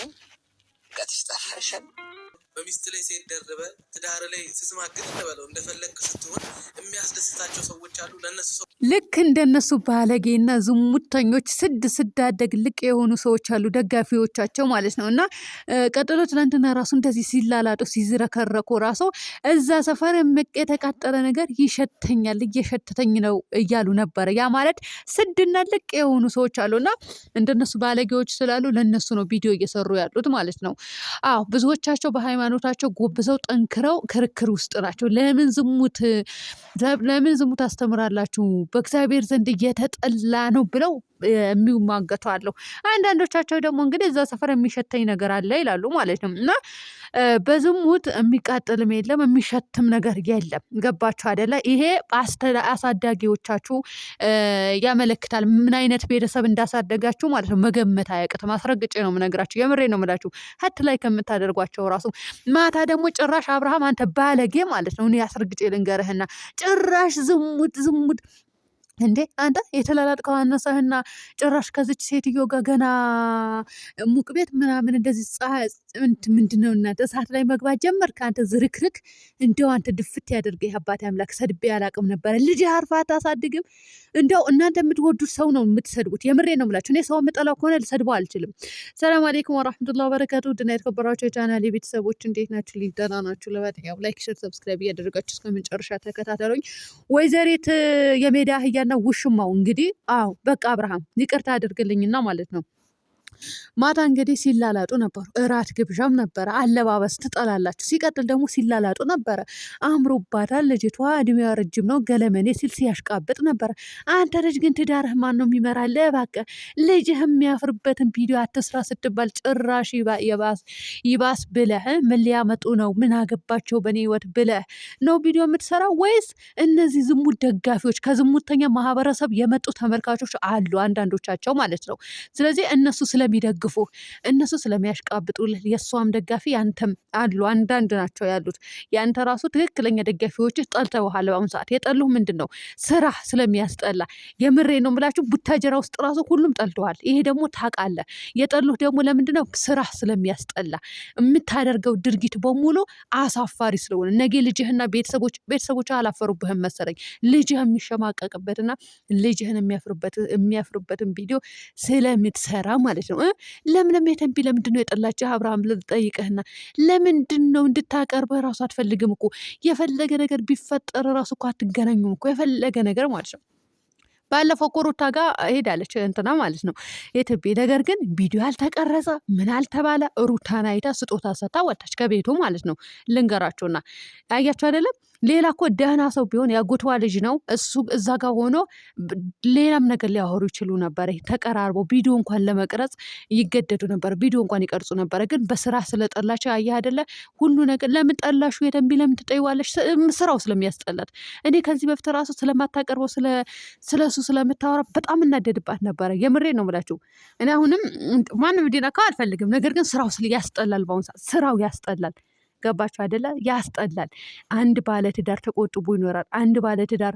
ነው። ቀትሽ ጠፋሻል። በሚስት ላይ ሴት ደርበ ትዳር ላይ ስትማግጥ ተበለው እንደፈለግ ስትሆን የሚያስደስታቸው ሰዎች አሉ። ለነሱ ሰው ልክ እንደነሱ ባለጌና ዝሙተኞች ስድ ስዳደግ ልቅ የሆኑ ሰዎች አሉ፣ ደጋፊዎቻቸው ማለት ነው። እና ቀጥሎ ትናንትና ራሱ እንደዚህ ሲላላጡ ሲዝረከረኩ ራሱ እዛ ሰፈር የተቃጠለ ነገር ይሸተኛል እየሸተተኝ ነው እያሉ ነበረ። ያ ማለት ስድና ልቅ የሆኑ ሰዎች አሉ እና እንደነሱ ባለጌዎች ስላሉ ለነሱ ነው ቪዲዮ እየሰሩ ያሉት ማለት ነው። አዎ ብዙዎቻቸው በሃይማኖታቸው ጎብዘው ጠንክረው ክርክር ውስጥ ናቸው። ለምን ዝሙት ለምን ዝሙት አስተምራላችሁ? በእግዚአብሔር ዘንድ እየተጠላ ነው ብለው የሚማገቱ አለው። አንዳንዶቻቸው ደግሞ እንግዲህ እዛ ሰፈር የሚሸተኝ ነገር አለ ይላሉ ማለት ነው። እና በዝሙት የሚቃጥልም የለም የሚሸትም ነገር የለም። ገባችሁ አደለ? ይሄ አሳዳጊዎቻችሁ ያመለክታል። ምን አይነት ቤተሰብ እንዳሳደጋችሁ ማለት ነው መገመት አያቅትም። አስረግጬ ነው ምነግራችሁ፣ የምሬ ነው ምላችሁ። ሀት ላይ ከምታደርጓቸው ራሱ ማታ ደግሞ ጭራሽ አብርሃም አንተ ባለጌ ማለት ነው። እኔ አስረግጬ ልንገርህና ጭራሽ ዝሙት ዝሙት እንዴ አንተ የተላላጥከው አነሳህና ጭራሽ ከዚች ሴትዮ ጋር ገና ሙቅ ቤት ምናምን እንደዚህ ምንድን ነው እናንተ እሳት ላይ መግባት ጀመርክ? አንተ ዝርክርክ እንደው አንተ ድፍት ያደርገ አባቴ አምላክ ሰድቤ አላቅም ነበረ። ልጅ አርፋ አታሳድግም? እንደው እናንተ የምትወዱት ሰው ነው የምትሰድቡት። የምሬ ነው ምላችሁ። እኔ ሰው የምጠላው ከሆነ ልሰድበው አልችልም። ሰላም አሌይኩም ወራህመቱላ ወበረካቱ። ድና የተከበራቸው የቻናል የቤተሰቦች እንዴት ናችሁ? ሊደና ናችሁ? ለበጠያው ላይክ፣ ሸር፣ ሰብስክራይብ እያደረጋችሁ እስከመጨረሻ ተከታተሉኝ። ወይዘሬት የሜዳ አህያ ውሽማው እንግዲህ አዎ በቃ አብርሃም ይቅርታ አድርግልኝና ማለት ነው ማታ እንግዲህ ሲላላጡ ነበሩ። እራት ግብዣም ነበረ። አለባበስ ትጠላላችሁ። ሲቀጥል ደግሞ ሲላላጡ ነበረ። አምሮባታል ልጅቷ፣ እድሜዋ ረጅም ነው። ገለመኔ ሲል ሲያሽቃብጥ ነበረ። አንተ ልጅ ግን ትዳርህ ማን ነው የሚመራልህ? እባክህ ልጅህ የሚያፍርበትን ቪዲዮ አትስራ ስትባል ጭራሽ ይባስ ብለህ ምን ሊያመጡ ነው? ምን አገባቸው በእኔ ህይወት ብለህ ነው ቪዲዮ የምትሰራው? ወይስ እነዚህ ዝሙት ደጋፊዎች ከዝሙተኛ ማህበረሰብ የመጡ ተመልካቾች አሉ አንዳንዶቻቸው ማለት ነው። ስለዚህ እነሱ ስለ ስለሚደግፉ እነሱ ስለሚያሽቃብጡልህ የእሷም ደጋፊ ያንተም አሉ አንዳንድ ናቸው ያሉት። ያንተ ራሱ ትክክለኛ ደጋፊዎች ጠልተውሃል። በአሁኑ ሰዓት የጠሉህ ምንድን ነው? ስራ ስለሚያስጠላ የምሬ ነው ምላችሁ ቡታጀራ ውስጥ ራሱ ሁሉም ጠልተዋል። ይሄ ደግሞ ታውቃለህ። የጠሉህ ደግሞ ለምንድን ነው? ስራ ስለሚያስጠላ የምታደርገው ድርጊት በሙሉ አሳፋሪ ስለሆነ ነገ ልጅህና ቤተሰቦች ቤተሰቦች አላፈሩብህም መሰለኝ ልጅህ የሚሸማቀቅበትና ልጅህን የሚያፍርበትን ቪዲዮ ስለምትሰራ ማለት ነው። ነው። ለምለም የተንቢ ለምንድን ነው የጠላችህ አብርሃም ልጠይቅህና፣ ለምንድን ነው እንድታቀርበህ ራሱ አትፈልግም እኮ የፈለገ ነገር ቢፈጠር ራሱ እኮ አትገናኙም እኮ የፈለገ ነገር ማለት ነው። ባለፈው ኮሮታ ጋር ሄዳለች እንትና ማለት ነው የትቤ ነገር ግን ቪዲዮ ያልተቀረጸ ምን አልተባለ ሩታን አይታ ስጦታ ሰታ ወጣች ከቤቱ ማለት ነው። ልንገራችሁና አያችሁ አይደለም ሌላ እኮ ደህና ሰው ቢሆን ያጎቷ ልጅ ነው እሱ እዛ ጋር ሆኖ ሌላም ነገር ሊያወሩ ይችሉ ነበረ። ተቀራርቦ ቪዲዮ እንኳን ለመቅረጽ ይገደዱ ነበረ። ቪዲዮ እንኳን ይቀርጹ ነበረ። ግን በስራ ስለጠላቸው አየህ አይደለ ሁሉ ነገር ለምን ጠላሹ የደንቢ ለምን ስራው ስለሚያስጠላት እኔ ከዚህ በፊት ራሱ ስለማታቀርበው ስለሱ ስለምታወራ በጣም እናደድባት ነበረ። የምሬ ነው ብላችሁ እኔ አሁንም ማንም ዲነካ አልፈልግም። ነገር ግን ስራው ያስጠላል። በአሁን ሰዓት ስራው ያስጠላል። ገባችሁ አይደለ? ያስጠላል። አንድ ባለትዳር ተቆጥቦ ይኖራል። አንድ ትዳር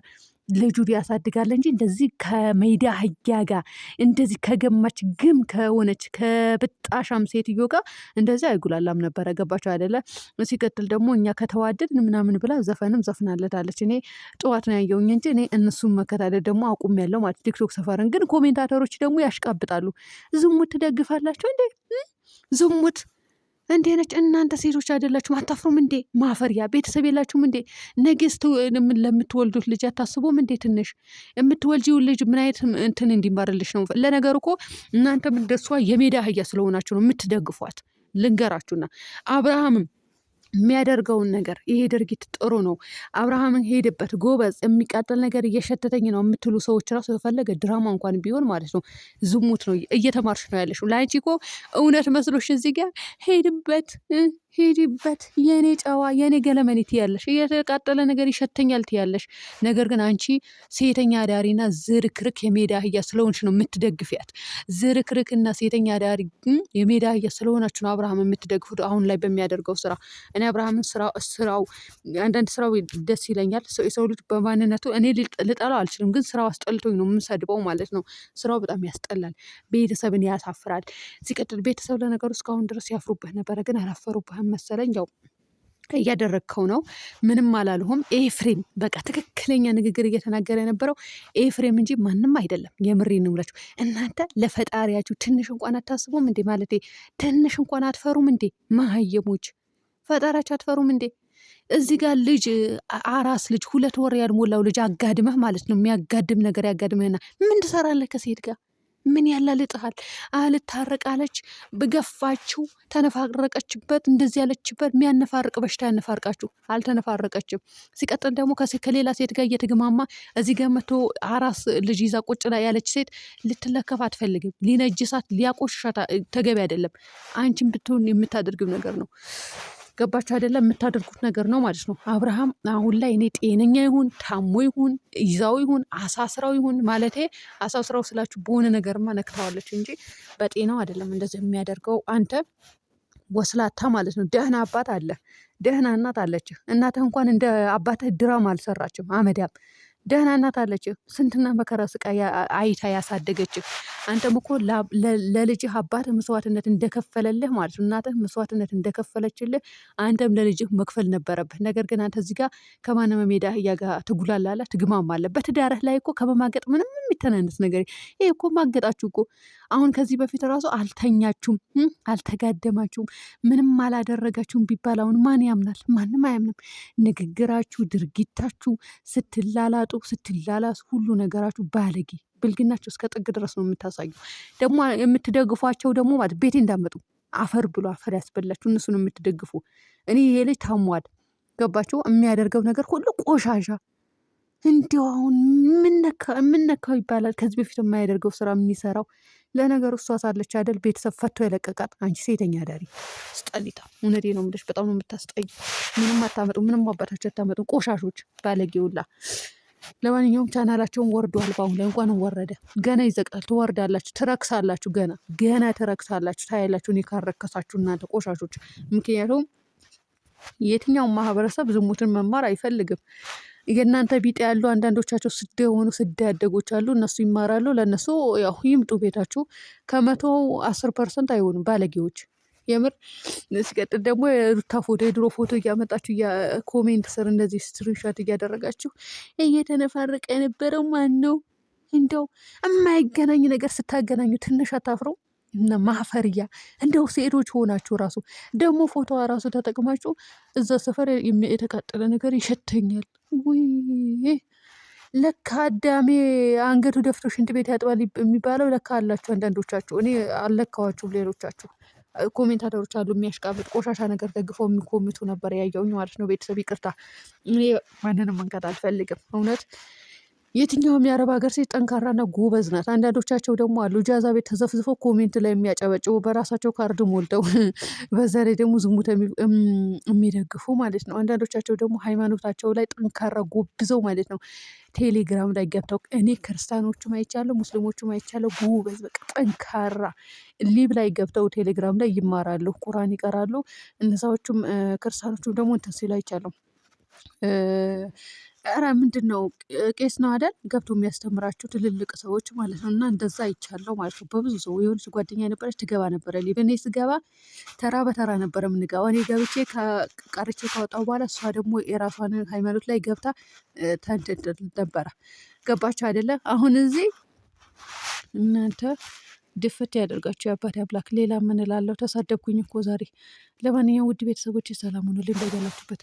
ልጁን ያሳድጋል እንጂ እንደዚህ ከሜዳ አህያ ጋር እንደዚህ ከገማች ግም ከሆነች ከብጣሻም ሴትዮ ጋር እንደዚህ አይጉላላም ነበረ። ገባቸው አይደለ? ሲቀጥል ደግሞ እኛ ከተዋደድን ምናምን ብላ ዘፈንም ዘፍናለታለች። እኔ ጠዋት ነው ያየውኝ እንጂ እኔ እነሱን መከታተል ደግሞ አቁም ያለው ማለት ቲክቶክ ሰፈርን ግን ኮሜንታተሮች ደግሞ ያሽቃብጣሉ። ዝሙት ትደግፋላቸው እንዴ? ዝሙት እንዴ ነች? እናንተ ሴቶች አይደላችሁም? አታፍሩም እንዴ? ማፈሪያ ቤተሰብ የላችሁም እንዴ? ነገስት ለምትወልዱት ልጅ አታስቡም እንዴ? ትንሽ የምትወልጂው ልጅ ምን አይነት እንትን እንዲማርልሽ ነው? ለነገሩ እኮ እናንተም እንደሷ የሜዳ አህያ ስለሆናችሁ ነው የምትደግፏት። ልንገራችሁና አብርሃምም የሚያደርገውን ነገር ይሄ ድርጊት ጥሩ ነው፣ አብርሃምን ሄድበት፣ ጎበዝ፣ የሚቃጠል ነገር እየሸተተኝ ነው የምትሉ ሰዎች ራሱ የፈለገ ድራማ እንኳን ቢሆን ማለት ነው ዝሙት ነው፣ እየተማርሽ ነው ያለሽ። ለአንቺ እኮ እውነት መስሎሽ እዚህ ጋር ሄድበት፣ ሄድበት፣ የኔ ጨዋ፣ የኔ ገለመኔ ትያለሽ፣ እየተቃጠለ ነገር ይሸተኛል ትያለሽ። ነገር ግን አንቺ ሴተኛ ዳሪና ዝርክርክ የሜዳ አህያ ስለሆንሽ ነው የምትደግፊያት። ዝርክርክና ሴተኛ ዳሪ የሜዳ አህያ ስለሆናችሁ ነው አብርሃም የምትደግፉት አሁን ላይ በሚያደርገው ስራ እኔ አብርሃምን ስራው ስራው አንዳንድ ስራው ደስ ይለኛል። የሰው ልጅ በማንነቱ እኔ ልጠላው አልችልም፣ ግን ስራው አስጠልቶኝ ነው የምሰድበው ማለት ነው። ስራው በጣም ያስጠላል፣ ቤተሰብን ያሳፍራል። ሲቀጥል ቤተሰብ ለነገሩ እስካሁን ድረስ ያፍሩብህ ነበረ፣ ግን አላፈሩብህም መሰለኝ ያው እያደረግከው ነው። ምንም አላልሁም። ኤፍሬም በቃ ትክክለኛ ንግግር እየተናገረ የነበረው ኤፍሬም እንጂ ማንም አይደለም። የምሬ ነው እናንተ ለፈጣሪያችሁ ትንሽ እንኳን አታስቡም እንዴ? ማለቴ ትንሽ እንኳን አትፈሩም እንዴ? መሀየሞች ፈጣሪያቸው አትፈሩም እንዴ? እዚህ ጋር ልጅ አራስ ልጅ ሁለት ወር ያልሞላው ልጅ አጋድመህ ማለት ነው። የሚያጋድም ነገር ያጋድምህና ምን ትሰራለህ ከሴት ጋር ምን ያለ ልጥሃል አለች ብገፋችው ተነፋረቀችበት፣ እንደዚህ ያለችበት የሚያነፋርቅ በሽታ ያነፋርቃችሁ። አልተነፋረቀችም። ሲቀጥል ደግሞ ከሌላ ሴት ጋር እየተግማማ እዚህ ጋር መቶ አራስ ልጅ ይዛ ቁጭ ያለች ሴት ልትለከፍ አትፈልግም። ሊነጅሳት ሊያቆሽሻት ተገቢ አይደለም። አንቺን ብትሆን የምታደርግም ነገር ነው። ገባችሁ አይደለም? የምታደርጉት ነገር ነው ማለት ነው። አብርሃም አሁን ላይ እኔ ጤነኛ ይሁን ታሞ ይሁን ይዛው ይሁን አሳስራው ይሁን ማለት አሳስራው ስላችሁ በሆነ ነገርማ ነክተዋለች እንጂ በጤናው አይደለም እንደዚህ የሚያደርገው አንተ ወስላታ ማለት ነው። ደህና አባት አለ፣ ደህና እናት አለች። እናተ እንኳን እንደ አባተ ድራማ አልሰራችም አመዳም ደህና እናት አለችህ። ስንትና መከራ ስቃይ አይታ ያሳደገችህ። አንተም እኮ ለልጅህ አባትህ መስዋዕትነት እንደከፈለልህ ማለት ነው፣ እናትህ መስዋዕትነት እንደከፈለችልህ አንተም ለልጅህ መክፈል ነበረብህ። ነገር ግን አንተ እዚህ ጋ ከማንም ሜዳ አህያ ትጉላላለ ትግማም አለ። በትዳርህ ላይ እኮ ከመማገጥ ምንም የሚተናነስ ነገር ይሄ እኮ ማገጣችሁ እኮ አሁን ከዚህ በፊት ራሱ አልተኛችሁም፣ አልተጋደማችሁም፣ ምንም አላደረጋችሁም ቢባል አሁን ማን ያምናል? ማንም አያምንም። ንግግራችሁ፣ ድርጊታችሁ ስትላላ ስትጣጡ፣ ስትላላሱ ሁሉ ነገራችሁ ባለጌ ብልግናቸው እስከ ጥግ ድረስ ነው የምታሳዩ። ደግሞ የምትደግፏቸው ደግሞ ማለት ቤቴ እንዳመጡ አፈር ብሎ አፈር ያስበላችሁ እነሱን የምትደግፉ። እኔ ይሄ ልጅ ታሟል፣ ገባቸው የሚያደርገው ነገር ሁሉ ቆሻሻ። እንዲሁ አሁን የምነካው ይባላል። ከዚህ በፊት የማያደርገው ስራ የሚሰራው ለነገሩ እሷ ሳለች አይደል ቤተሰብ ፈቶ የለቀቃት። አንቺ ሴተኛ አዳሪ ስጠሊታ፣ እውነቴ ነው የምልሽ። በጣም ነው የምታስጠይ። ምንም አታመጡ፣ ምንም አባታቸው አታመጡ። ቆሻሾች ባለጌውላ ለማንኛውም ቻናላቸውን ወርዷል። በአሁኑ ላይ እንኳን ወረደ፣ ገና ይዘቃል። ትወርዳላችሁ፣ ትረክሳላችሁ፣ ገና ገና ትረክሳላችሁ። ታያላችሁ፣ እኔ ካረከሳችሁ እናንተ ቆሻሾች። ምክንያቱም የትኛውም ማህበረሰብ ዝሙትን መማር አይፈልግም። የእናንተ ቢጤ ያሉ አንዳንዶቻቸው ስደ የሆኑ ስደ ያደጎች አሉ። እነሱ ይማራሉ። ለእነሱ ያው ይምጡ ቤታችሁ። ከመቶ አስር ፐርሰንት አይሆኑም ባለጌዎች። የምር ሲቀጥል ደግሞ የሩታ ፎቶ የድሮ ፎቶ እያመጣችሁ ኮሜንት ስር እንደዚህ ስክሪንሻት እያደረጋችሁ እየተነፋረቀ የነበረው ማን ነው? እንደው የማይገናኝ ነገር ስታገናኙ ትንሽ አታፍረው? እና ማፈሪያ እንደው ሴቶች ሆናችሁ ራሱ ደግሞ ፎቶዋ ራሱ ተጠቅማችሁ እዛ ሰፈር የተቃጠለ ነገር ይሸተኛል ወይ ለካ አዳሜ አንገቱ ደፍቶ ሽንት ቤት ያጥባል የሚባለው ለካ አላችሁ አንዳንዶቻችሁ። እኔ አልለካዋችሁም ሌሎቻችሁ ኮሜንታተሮች አሉ የሚያሽቃብጥ ቆሻሻ ነገር ደግፈው የሚኮምቱ ነበር ያየውኝ ማለት ነው። ቤተሰብ ይቅርታ እኔ ማንንም መንካት አልፈልግም እውነት የትኛውም የአረብ ሀገር ሴት ጠንካራና ጎበዝ ናት። አንዳንዶቻቸው ደግሞ አሉ ጃዛ ቤት ተዘፍዝፎ ኮሜንት ላይ የሚያጨበጭቡ በራሳቸው ካርድ ሞልተው በዛ ላይ ደግሞ ዝሙት የሚደግፉ ማለት ነው። አንዳንዶቻቸው ደግሞ ሃይማኖታቸው ላይ ጠንካራ ጎብዘው ማለት ነው። ቴሌግራም ላይ ገብተው እኔ ክርስቲያኖቹም አይቻለሁ፣ ሙስሊሞቹም አይቻለሁ። ጎበዝ በቃ ጠንካራ ሊብ ላይ ገብተው ቴሌግራም ላይ ይማራሉ፣ ቁራን ይቀራሉ። እነዛዎቹም ክርስቲያኖቹም ደግሞ እንትን ሲሉ አይቻለሁ ኧረ ምንድን ነው ቄስ ነው አይደል ገብቶ የሚያስተምራቸው ትልልቅ ሰዎች ማለት ነው። እና እንደዛ ይቻለው ማለት ነው። በብዙ ሰው የሆነች ጓደኛ ነበረች ትገባ ነበረ። እኔ ስገባ ተራ በተራ ነበረ የምንገባ። እኔ ገብቼ ቀርቼ ካወጣው በኋላ እሷ ደግሞ የራሷን ሃይማኖት ላይ ገብታ ተንትንትን ነበረ። ገባቸው አይደለ? አሁን እዚህ እናንተ ድፍት ያደርጋችሁ የአባት አምላክ። ሌላ ምንላለሁ? ተሳደብኩኝ እኮ ዛሬ። ለማንኛውም ውድ ቤተሰቦች ሰላም ሁኑልኝ በያላችሁበት።